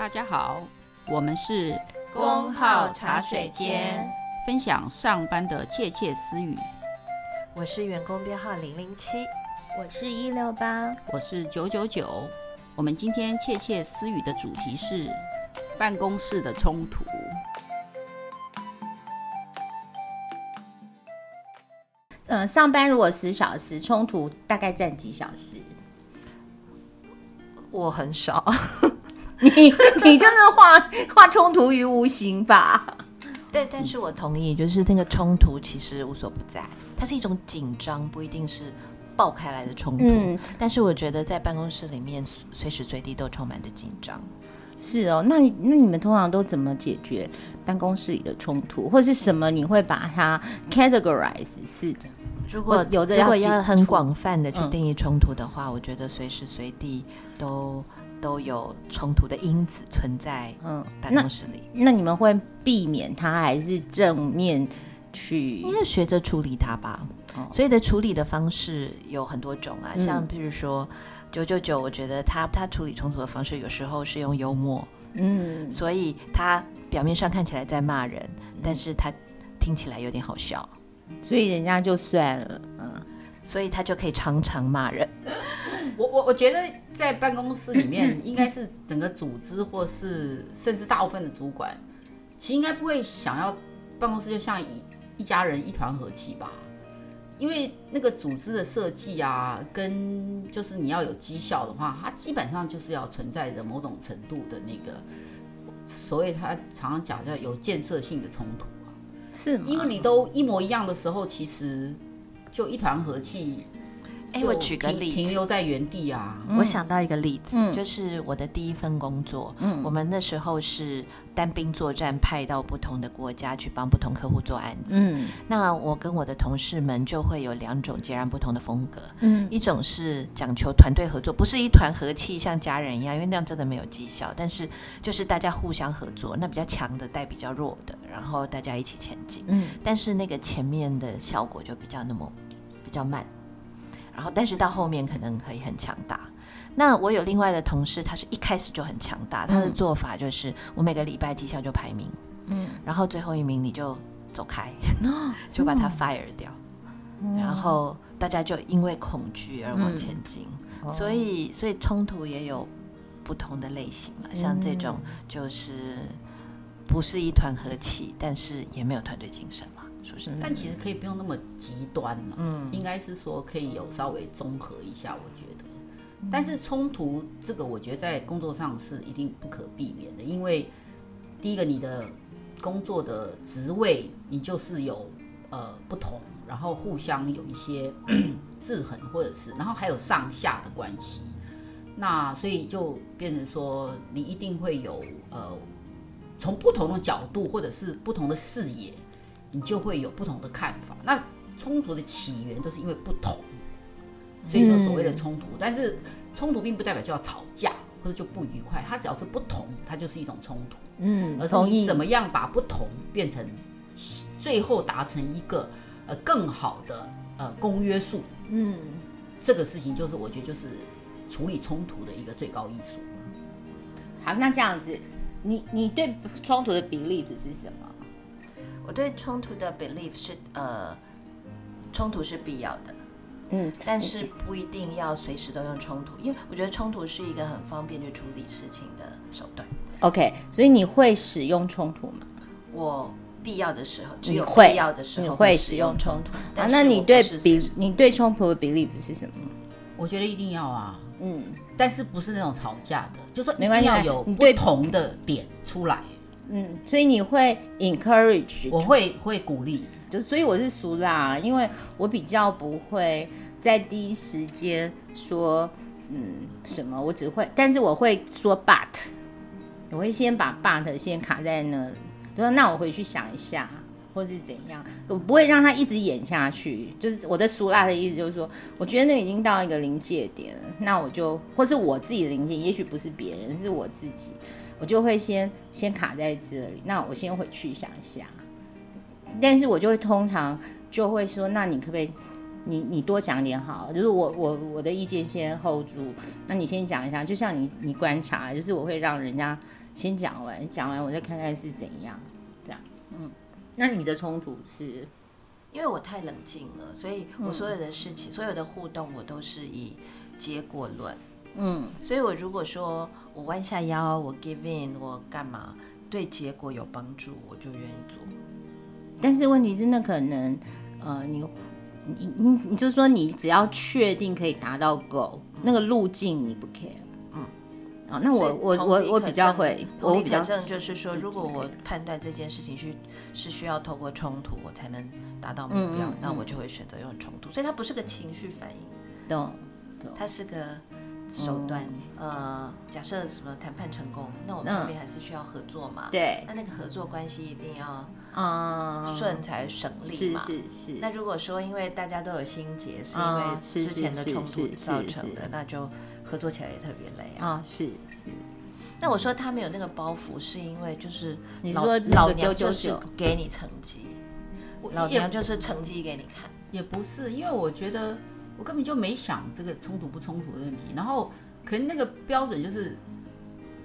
大家好，我們是工號茶水間，分享上班的竊竊私語。我是員工編號零零七，我是一六八，我是九九九。我們今天竊竊私語的主題是辦公室的衝突。嗯、呃，上班如果十小時，衝突大概占幾小時？我很少。 你你真的化化衝突於無形吧？對，但是我同意，就是那個衝突其實無所不在，它是一種緊張，不一定是爆開來的衝突。嗯，但是我覺得在辦公室裡面隨時隨地都充滿着緊張。是哦，那那你們通常都怎麼解決辦公室裡的衝突，或者是什麼？你會把它 categorize？是的，如果有，如果要、嗯、很廣泛的去定義衝突的話，嗯、我覺得隨時隨地都。都有衝突的因子存在，嗯，辦公室裡，嗯，那，那你們會避免他，還是正面去？因為學着處理他吧、嗯。所以的處理的方式有很多種啊，像譬如說、嗯、九九九，我覺得他他處理衝突的方式，有時候是用幽默，嗯，所以他表面上看起來在罵人、嗯，但是他聽起來有點好笑，所以人家就算了，嗯，所以他就可以常常罵人。我我我覺得在辦公室裡面，應該是整個組織或是甚至大部分的主管，其實應該不會想要辦公室就像一一家人一團和氣吧？因為那個組織的設計啊，跟就是你要有績效的話，它基本上就是要存在着某種程度的那個，所以他常常講叫有建設性的衝突啊，是嗎？因為你都一模一樣的時候，其實就一團和氣。哎，我舉個例子停，停留在原地啊。我想到一個例子，嗯，就是我的第一份工作，嗯，我們那時候是單兵作戰，派到不同的國家去幫不同客戶做案子。嗯，那我跟我的同事們就會有兩種截然不同的風格。嗯，一種是講求團隊合作，不是一團和氣像家人一樣，因為那樣真的沒有績效。但是就是大家互相合作，那比較強的帶比較弱的，然後大家一起前進。嗯，但是那個前面的效果就比較那麼比較慢。然後，但是到後面可能可以很強大。那我有另外的同事，他是一開始就很強大。嗯、他的做法就是，我每個禮拜績效就排名，嗯，然後最後一名你就走開，嗯、 就把他 fire 掉，嗯。然後大家就因為恐懼而往前進，嗯、所以所以衝突也有不同的類型嘛、嗯。像這種就是不是一團和氣，但是也沒有團隊精神嘛。但其實可以不用那麼極端了、啊嗯，應該是說可以有稍微綜合一下，我覺得。嗯、但是衝突這個，我覺得在工作上是一定不可避免的，因為第一個你的工作的職位你就是有呃不同，然後互相有一些、嗯、制衡，或者是然後還有上下的關係，那所以就變成說你一定會有呃從不同的角度或者是不同的視野。你就會有不同的看法。那衝突的起源都是因為不同，所以說所謂的衝突、嗯，但是衝突並不代表就要吵架或者就不愉快，它只要是不同，它就是一種衝突。嗯，而是你怎麼樣把不同變成最後達成一個呃更好的呃公約數？嗯，這個事情就是我覺得就是處理衝突的一個最高藝術。好，那這樣子，你你對衝突的 belief 是什麼？我對衝突的 belief 是呃，衝突是必要的，嗯，但是不一定要隨時都用衝突，因為我覺得衝突是一個很方便去處理事情的手段。OK，所以你會使用衝突嗎？我必要的時候，只有必要的時候，你會使用衝突。你你但是是啊、那你對比你對衝突的 belief 是什麼？我覺得一定要啊，嗯，但是不是那種吵架的，就是沒關係，要有不同的點出來。嗯，所以你會 encourage 我會會鼓勵，就所以我是蘇拉，因為我比較不會在第一時間說嗯，什麼，我只會，但是我會說 but 我會先把 but 先卡在那裡，就說，那我回去想一下，或是怎樣，我不會讓他一直演下去。就是我的蘇拉的意思，就是說，我覺得那已經到一個臨界點了，那我就，或是我自己的臨界，也許不是別人，是我自己。我就會先先卡在這裡，那我先回去想一下。但是我就會通常就會說，那你可不可以，你你多講點好？就是我我我的意見先 hold 住，那你先講一下。就像你你觀察，就是我會讓人家先講完，講完我再看看是怎樣，這樣。嗯，那你的衝突是？因為我太冷靜了，所以我所有的事情，嗯、所有的互動，我都是以結果論。嗯，所以我如果說。我彎下腰，我 give in，我幹嘛？對結果有幫助，我就願意做，嗯。但是問題是，那可能，呃，你，你，你，你就說，你只要確定可以達到 goal，嗯，那個路徑你不 care，嗯。哦，那我我我我比較會，我比較正，就是說，如果我判斷這件事情去是需要透過衝突，我才能達到目標，嗯，那我就會選擇用衝突，嗯。所以它不是個情緒反應懂 no，嗯，它是個。手段、嗯，呃，假設什麼談判成功，嗯、那我們那邊還是需要合作嘛。對，那那個合作關係一定要順才省力嘛。嗯、是是，是。那如果說因為大家都有心結，是因為之前的衝突造成的，那就合作起來也特別累啊。嗯、是是。那我說他沒有那個包袱，是因為就是你說啾啾啾，老娘就是給你成績，老娘就是成績給你看，也不是因為我覺得。我根本就沒想這個衝突不衝突的問題，然後可能那個標準就是，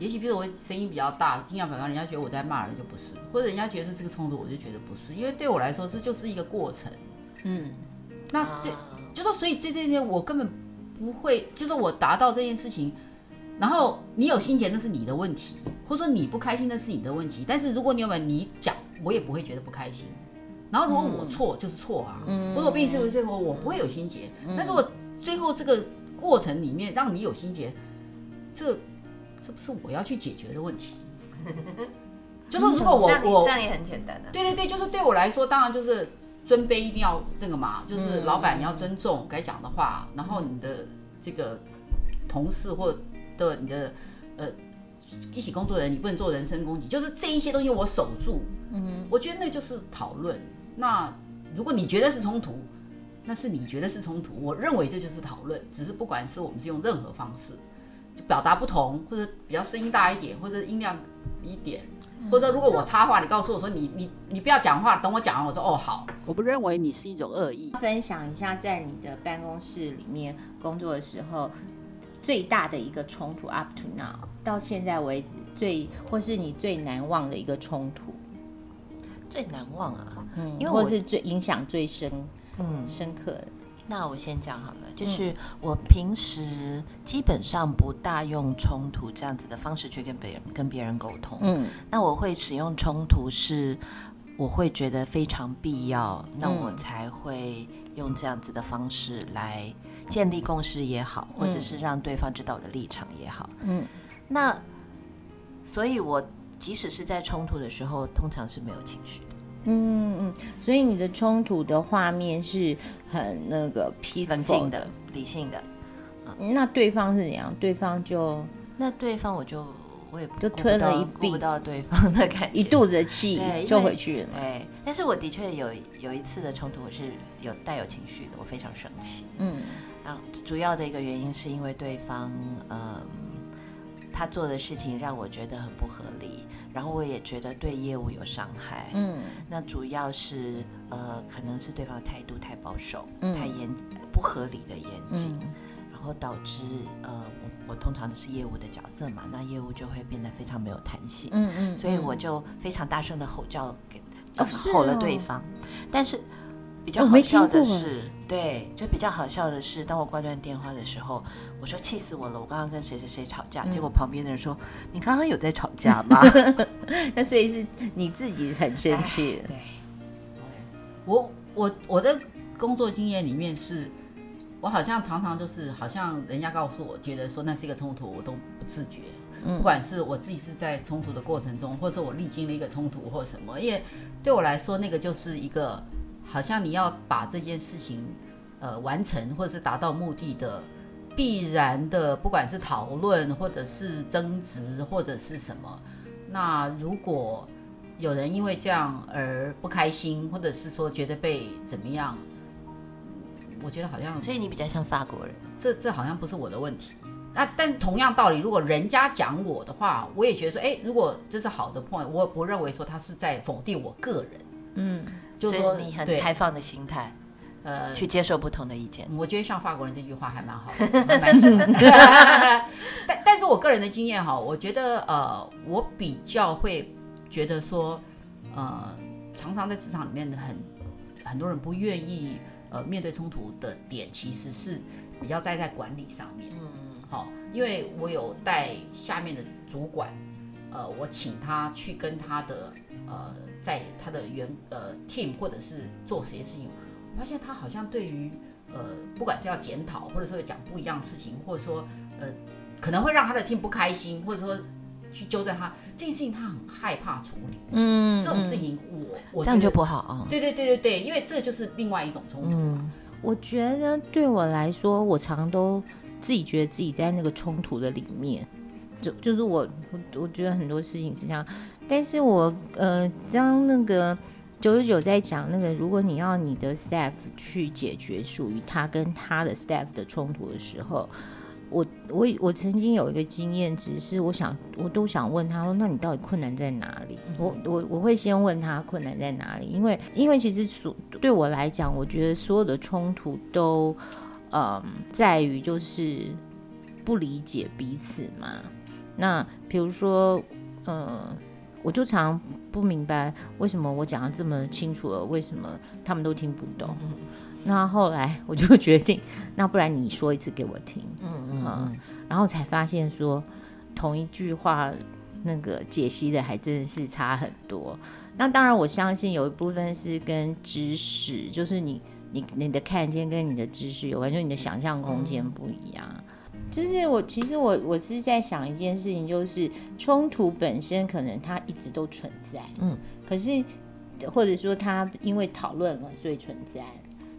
也許比如說我聲音比較大，音量比較高，人家覺得我在罵人就不是，或者人家覺得是這個衝突，我就覺得不是，因為對我來說這就是一個過程，嗯，那這就說，所以對這些我根本不會，就是我達到這件事情，然後你有心結那是你的問題，或者說你不開心那是你的問題，但是如果你有沒有，你講，我也不會覺得不開心。然後如果我錯就是錯啊，嗯、如果我是不是，最後我不會有心結。那如果最後這個過程裡面讓你有心結，這這不是我要去解決的問題。呵呵就是如果我這我這樣也很簡單的、啊，對對對，就是對我來說，當然就是尊卑一定要那個嘛，就是老板你要尊重、嗯、該講的話，然後你的這個同事或的你的、嗯、呃一起工作的人，你不能做人身攻擊，就是這一些東西我守住。嗯，我覺得那就是討論。那如果你覺得是衝突，那是你覺得是衝突。我認為這就是討論，只是不管是我們是用任何方式，表達不同，或者比較聲音大一點，或者音量一點，或者如果我插話，你告訴我說你你你不要講話，等我講完。我說哦好，我不認為你是一種惡意。分享一下在你的辦公室裡面工作的時候最大的一個衝突，up to now 到現在為止最或是你最難忘的一個衝突，最難忘啊。嗯，因為我是最影響最深，嗯，深刻的。那我先講好了，就是我平時基本上不大用衝突這樣子的方式去跟別人跟別人溝通，嗯，那我會使用衝突是，我會覺得非常必要、嗯，那我才會用這樣子的方式來建立共識也好，嗯、或者是讓對方知道我的立場也好，嗯，那所以，我即使是在衝突的時候，通常是沒有情緒的。嗯嗯嗯，所以你的衝突的畫面是很那個 peaceful 的,冷靜的理性的、嗯，那對方是怎樣？對方就那對方我就我也就吞了一筆，顧不到對方的感覺，一肚子氣就回去了。對，對對但是我的確有有一次的衝突，我是有帶有情緒的，我非常生氣。嗯，然後主要的一個原因是因為對方嗯。呃他做的事情讓我覺得很不合理，然後我也覺得對業務有傷害。嗯，那主要是呃，可能是對方態度太保守，嗯、太嚴，不合理的嚴謹、嗯，然後導致呃，我我通常都是業務的角色嘛，那業務就會變得非常沒有彈性。嗯嗯，嗯，所以我就非常大聲的吼叫給吼了對方，哦是哦、但是。比較好笑的是、哦啊，對，就比較好笑的是，當我掛斷電話的時候，我說氣死我了，我剛剛跟誰誰誰吵架，嗯，結果旁邊的人說，你剛剛有在吵架嗎？那 所以是你自己很生氣、哎。對，我我我的工作經驗裡面是，我好像常常就是，好像人家告訴我，覺得說那是一個衝突，我都不自覺，嗯、不管是我自己是在衝突的過程中，或者我歷經了一個衝突或什麼，因為對我來說，那個就是一個。好像你要把這件事情，呃，完成或者是達到目的的必然的，不管是討論或者是爭執或者是什麼，那如果有人因為這樣而不開心，或者是說覺得被怎麼樣，我覺得好像，所以你比較像法國人，這這好像不是我的問題。那但同樣道理，如果人家講我的話，我也覺得說，哎、欸，如果這是好的 point，我不認為說他是在否定我個人，嗯。就說所以你很開放的心態，呃，去接受不同的意見。我覺得像法國人這句話還蠻好，蠻新的。但 但是我個人的經驗哈，我覺得呃，我比較會覺得說，呃，常常在職場裡面很很多人不願意呃面對衝突的點，其實是比較栽在，在管理上面。嗯，好，因為我有帶下面的主管，呃，我請他去跟他的呃。在他的原呃 team 或者是做這些事情，我發現他好像對於呃不管是要檢討，或者說講不一樣的事情，或者說呃可能會讓他的 team 不開心，或者說去糾正他這件事情，他很害怕處理。嗯，這種事情我、嗯、我覺得這樣就不好啊、哦。對對對對對，因為這就是另外一種衝突。嗯，我覺得對我來說，我常常都自己覺得自己在那個衝突的裡面，就就是我我我覺得很多事情是這但是我呃，當那個九十九在講那個，如果你要你的 staff 去解決屬於他跟他的 staff 的衝突的時候，我我我曾經有一個經驗，只是我想我都想問他說，那你到底困難在哪裡？我我我會先問他困難在哪裡，因為因為其實所對我來講，我覺得所有的衝突都嗯、呃、在於就是不理解彼此嘛。那比如說呃。我就常不明白為什麼我講得這麼清楚了，為什麼他們都聽不懂，嗯？那後來我就決定，那不然你說一次給我聽，嗯嗯，然後才發現說同一句話，那個解析的還真的是差很多。那當然，我相信有一部分是跟知識，就是你你你的看見跟你的知識有關，就是，你的想象空間不一樣。嗯就是我，其實我我是在想一件事情，就是衝突本身可能它一直都存在，嗯，可是或者說它因為討論了所以存在，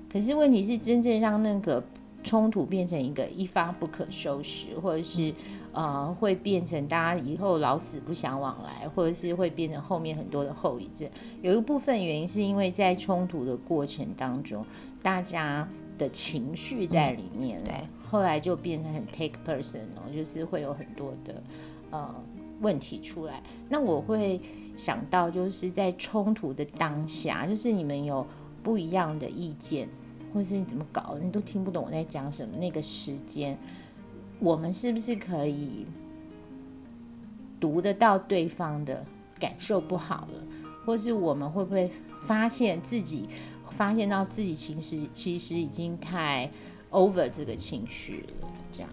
可是問題是真正讓那個衝突變成一個一發不可收拾，或者是呃會變成大家以後老死不相往來，或者是會變成後面很多的後遺症，有一部分原因是因為在衝突的過程當中，大家的情緒在裡面，嗯。對。後來就變成很 take person 哦，就是會有很多的呃問題出來。那我會想到就是在衝突的當下，就是你們有不一樣的意見，或是你怎麼搞，你都聽不懂我在講什麼。那個時間，我們是不是可以讀得到對方的感受不好了？或是我們會不會發現自己發現到自己其實其實已經太…… over 這個情緒了，這樣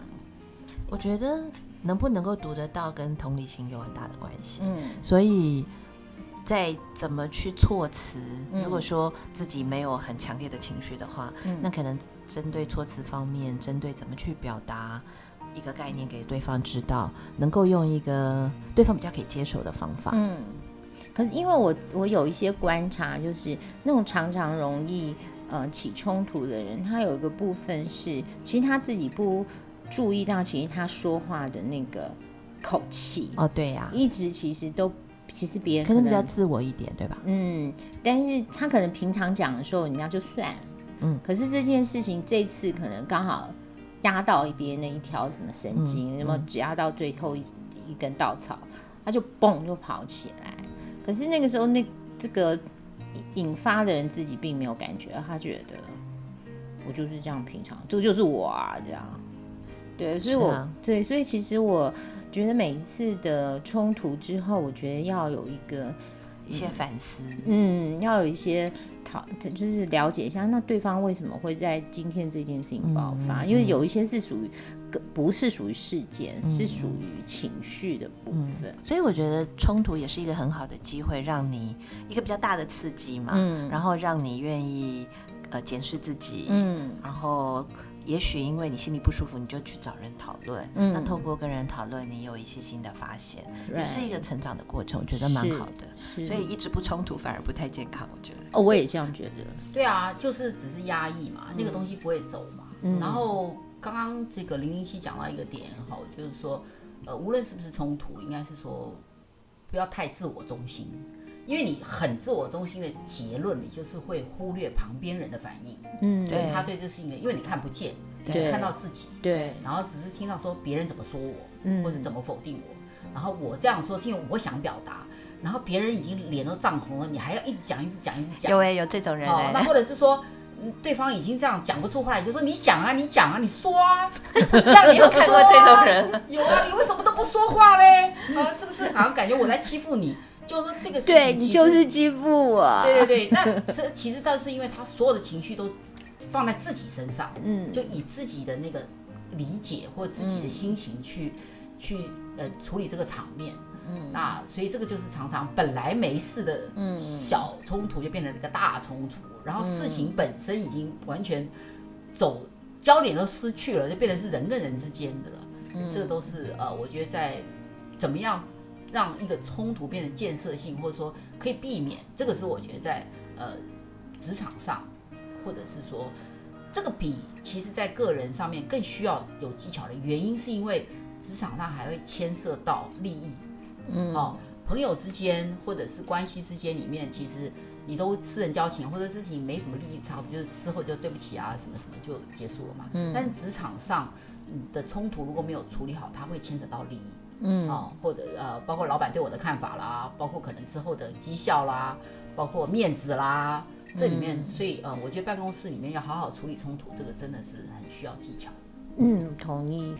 我覺得能不能夠讀得到，跟同理心有很大的關係。嗯，所以在怎麼去措辭，嗯、如果說自己沒有很強烈的情緒的話，嗯、那可能針對措辭方面、嗯，針對怎麼去表達一個概念給對方知道，能夠用一個對方比較可以接受的方法。嗯，可是因為我我有一些觀察，就是那種常常容易。呃，起衝突的人，他有一個部分是，其實他自己不注意到，其實他說話的那個口氣。哦，對呀、啊，一直其實都，其實別人可能可比較自我一點，對吧？嗯，但是他可能平常講的時候，人家就算，嗯。可是這件事情這次可能剛好壓到一邊那一條什麼神經，什麼只壓到最後一一根稻草，他就嘣就跑起來。可是那個時候那這個。引發的人自己並沒有感覺，他覺得我就是這樣平常，這就，就是我啊，這樣。對，所以我、啊、對，所以其實我覺得每一次的衝突之後，我覺得要有一個。一些反思，嗯，要有一些討，就是了解一下，那對方為什麼會在今天這件事情爆發？嗯嗯、因為有一些是屬於，不是屬於事件，嗯、是屬於情緒的部分、嗯。所以我覺得衝突也是一個很好的機會，讓你一個比較大的刺激嘛，嗯，然後讓你願意呃檢視自己，嗯，然後。也許因為你心裡不舒服，你就去找人討論。嗯，那透過跟人討論，你有一些新的發現、嗯，也是一個成長的過程，我覺得蠻好的。是，所以一直不衝突反而不太健康，我覺得。哦，我也這樣覺得。對啊，就是只是壓抑嘛，那、嗯，這個東西不會走嘛。嗯。然後剛剛這個零零七講到一個點哈，就是說，呃，無論是不是衝突，應該是說不要太自我中心。因為你很自我中心的結論，你就是會忽略旁邊人的反應。嗯，對，他對這事情，因為你看不見，就看到自己對。對，然後只是聽到說別人怎麼說我，嗯，或者怎麼否定我，然後我這樣說是因為我想表達，然後別人已經臉都漲紅了，你還要一直講，一直講，一直講。有哎、欸，有這種人、欸、哦？那或者是說，對方已經這樣講不出話，你就說你講啊，你講啊，你說啊。這 你說、啊、有看過這種人？有啊，你為什麼都不說話呢？ 啊，是不是好像感覺我在欺負你？就說這個事情對你就是欺負我。對對對，那這其實倒是因為他所有的情緒都放在自己身上，嗯，就以自己的那個理解或自己的心情去、嗯、去呃處理這個場面，嗯，那所以這個就是常常本來沒事的小衝突就變成了一個大衝突、嗯，然後事情本身已經完全走、嗯、焦點都失去了，就變成是人跟人之間的了，嗯，這都是呃，我覺得在怎麼樣。讓一個衝突變得建設性，或者說可以避免，這個是我覺得在呃職場上，或者是說這個比其實在個人上面更需要有技巧的原因，是因為職場上還會牽涉到利益。嗯哦，朋友之間或者是關係之間裡面，其實你都私人交情或者事情沒什麼利益差不就是、之後就對不起啊什麼什麼就結束了嘛。嗯，但是職場上、嗯、的衝突如果沒有處理好，它會牽涉到利益。嗯，哦，或者呃，包括老闆對我的看法啦，包括可能之後的績效啦，包括面子啦，這裡面，嗯、所以呃，我覺得辦公室裡面要好好處理衝突，這個真的是很需要技巧。嗯，同意。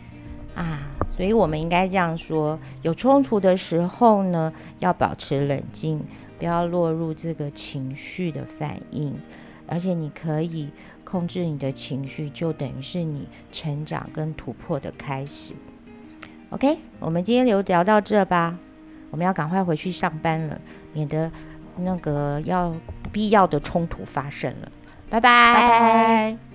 啊，所以我們應該這樣說：有衝突的時候呢，要保持冷靜，不要落入這個情緒的反應，而且你可以控制你的情緒，就等於是你成長跟突破的開始。OK，我們今天就聊到這吧。我們要趕快回去上班了，免得那個要不必要的衝突發生了。拜拜。Bye bye bye